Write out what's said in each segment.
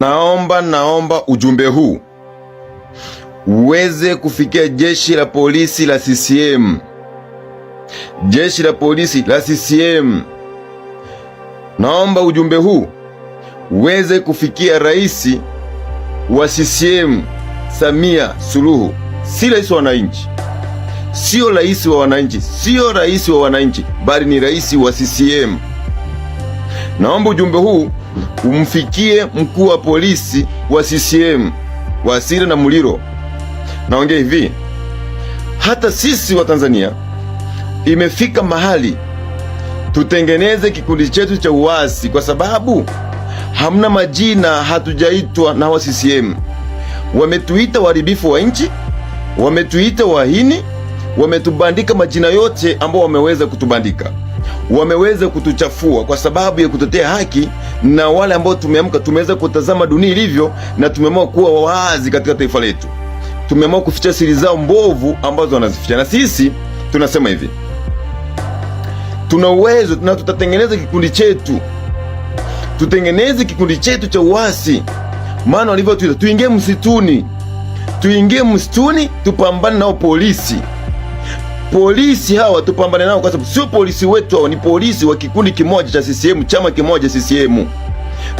Naomba naomba ujumbe huu uweze kufikia jeshi la polisi la CCM, jeshi la polisi la CCM. Naomba ujumbe huu uweze kufikia rais wa CCM Samia Suluhu. Si rais wa wananchi, sio rais wa wananchi, sio rais wa wananchi, bali ni rais wa CCM. Naomba ujumbe huu umfikie mkuu wa polisi wa CCM Wasira na Muliro. Naongea hivi, hata sisi wa Tanzania imefika mahali tutengeneze kikundi chetu cha uasi, kwa sababu hamna majina, hatujaitwa na wa CCM. Wametuita waharibifu wa nchi, wametuita wahini, wametubandika majina yote ambao wameweza kutubandika wameweza kutuchafua kwa sababu ya kutetea haki, na wale ambao tumeamka tumeweza kutazama dunia ilivyo, na tumeamua kuwa wazi katika taifa letu. Tumeamua kuficha siri zao mbovu ambazo wanazificha, na sisi tunasema hivi, tuna uwezo na tutatengeneza kikundi chetu, tutengeneze kikundi chetu cha uasi, maana walivyotuita tuingie msituni, tuingie msituni, tupambane nao polisi polisi hawa tupambane nao, kwa sababu sio polisi wetu hawa, ni polisi wa kikundi kimoja cha CCM, chama kimoja CCM.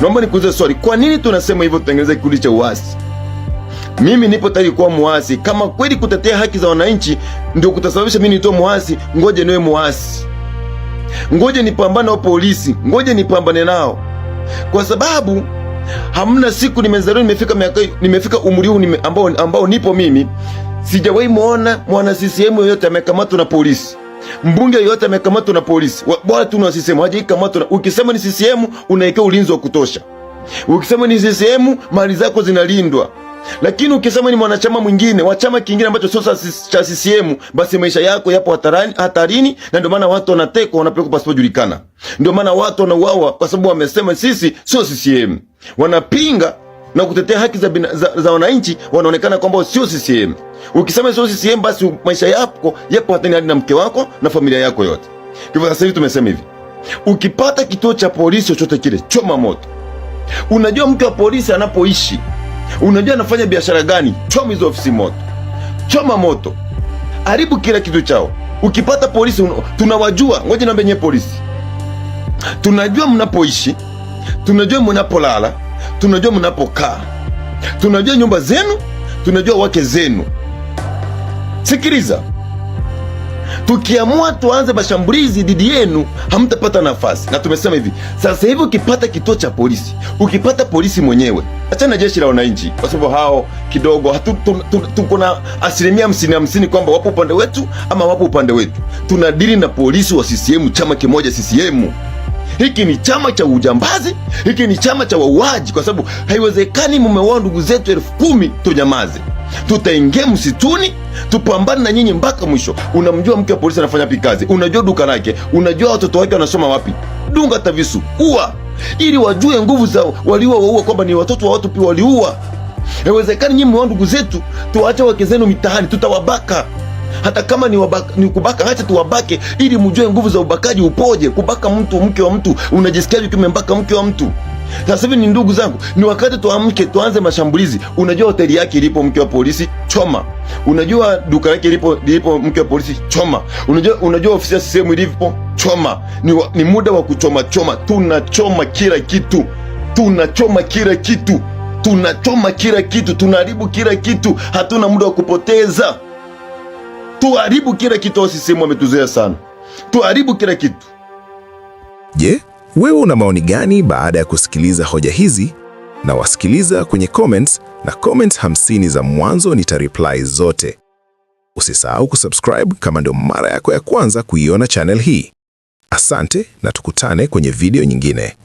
Naomba nikuulize swali, kwa nini tunasema hivyo? Tutengeneza kikundi cha uasi? Mimi nipo tayari kuwa muasi kama kweli kutetea haki za wananchi ndio kutasababisha mimi nitoe muasi. Ngoje niwe muasi, ngoje nipambane nao polisi, ngoje nipambane nao kwa sababu hamna siku nimezaliwa nimefika miaka nimefika umri huu ambao, ambao nipo mimi Sijawahi mwona mwana CCM yoyote amekamatwa na polisi, mbunge yoyote amekamatwa na polisi, bora tu na CCM na. Ukisema ni CCM unawekewa ulinzi wa kutosha, ukisema ni CCM mali zako zinalindwa lakini ukisema ni mwanachama mwingine wa chama kingine ambacho sio cha CCM, basi maisha yako yapo hatarini, hatarini. Na ndio maana watu wanatekwa, wanapelekwa pasipojulikana. Ndio maana watu wanauawa, kwa sababu wamesema sisi sio CCM, wanapinga na kutetea haki za, bina, za, za wananchi wanaonekana kwamba sio CCM. Ukisema sio CCM, basi maisha yako yapo hatani, hadi na mke wako na familia yako yote. Kwa sasa hivi tumesema hivi, ukipata kituo cha polisi chochote kile, choma moto. Unajua mke wa polisi anapoishi, unajua anafanya biashara gani, choma hizo ofisi moto, choma moto, haribu kila kitu chao. Ukipata polisi, tunawajua ngoja niambie, nyewe polisi, tunajua mnapoishi, tunajua mnapolala tunajua mnapokaa, tunajua nyumba zenu, tunajua wake zenu. Sikiliza, tukiamua tuanze mashambulizi dhidi yenu hamtapata nafasi, na tumesema hivi sasa hivi. Ukipata kituo cha polisi, ukipata polisi mwenyewe, achana jeshi la wananchi, kwa sababu hao kidogo tuko na asilimia hamsini hamsini kwamba wapo upande wetu ama wapo upande wetu. Tunadili na polisi wa CCM, chama kimoja CCM hiki ni chama cha ujambazi, hiki ni chama cha wauaji, kwa sababu haiwezekani mumeuawa ndugu zetu elfu kumi tunyamaze. Tutaingia msituni tupambane na nyinyi mpaka mwisho. Unamjua mke wa polisi anafanya pi kazi, unajua duka lake, unajua watoto wake wanasoma wapi, dunga tavisu, ua ili wajue nguvu za waliowaua kwamba ni watoto wa watu pia waliua. Haiwezekani nyinyi mmeua ndugu zetu, tuwaache wake zenu mitaani, tutawabaka hata kama ni, wabaka, ni kubaka, acha tuwabake ili mjue nguvu za ubakaji upoje. Kubaka mtu, mke wa mtu, unajisikiaje ukiwa umembaka mke wa mtu? Sasa hivi ni ndugu zangu, ni wakati tuamke, tuanze mashambulizi. Unajua hoteli yake ilipo mke wa polisi, choma. Unajua duka lake ilipo ilipo mke wa polisi, choma. Unajua, unajua ofisi ya sehemu ilipo, choma. Ni, wa, ni muda wa kuchoma choma. Tunachoma kila kitu, tunachoma kila kitu, tunachoma kila kitu, tunaharibu kila kitu. Hatuna muda wa kupoteza tuharibu kila kitu. Sisehemu ametuzoea sana, tuharibu kila kitu. Je, wewe una maoni gani baada ya kusikiliza hoja hizi? Na wasikiliza kwenye comments, na comments hamsini za mwanzo nitareply zote. Usisahau kusubscribe kama ndio mara yako ya kwanza kuiona channel hii. Asante na tukutane kwenye video nyingine.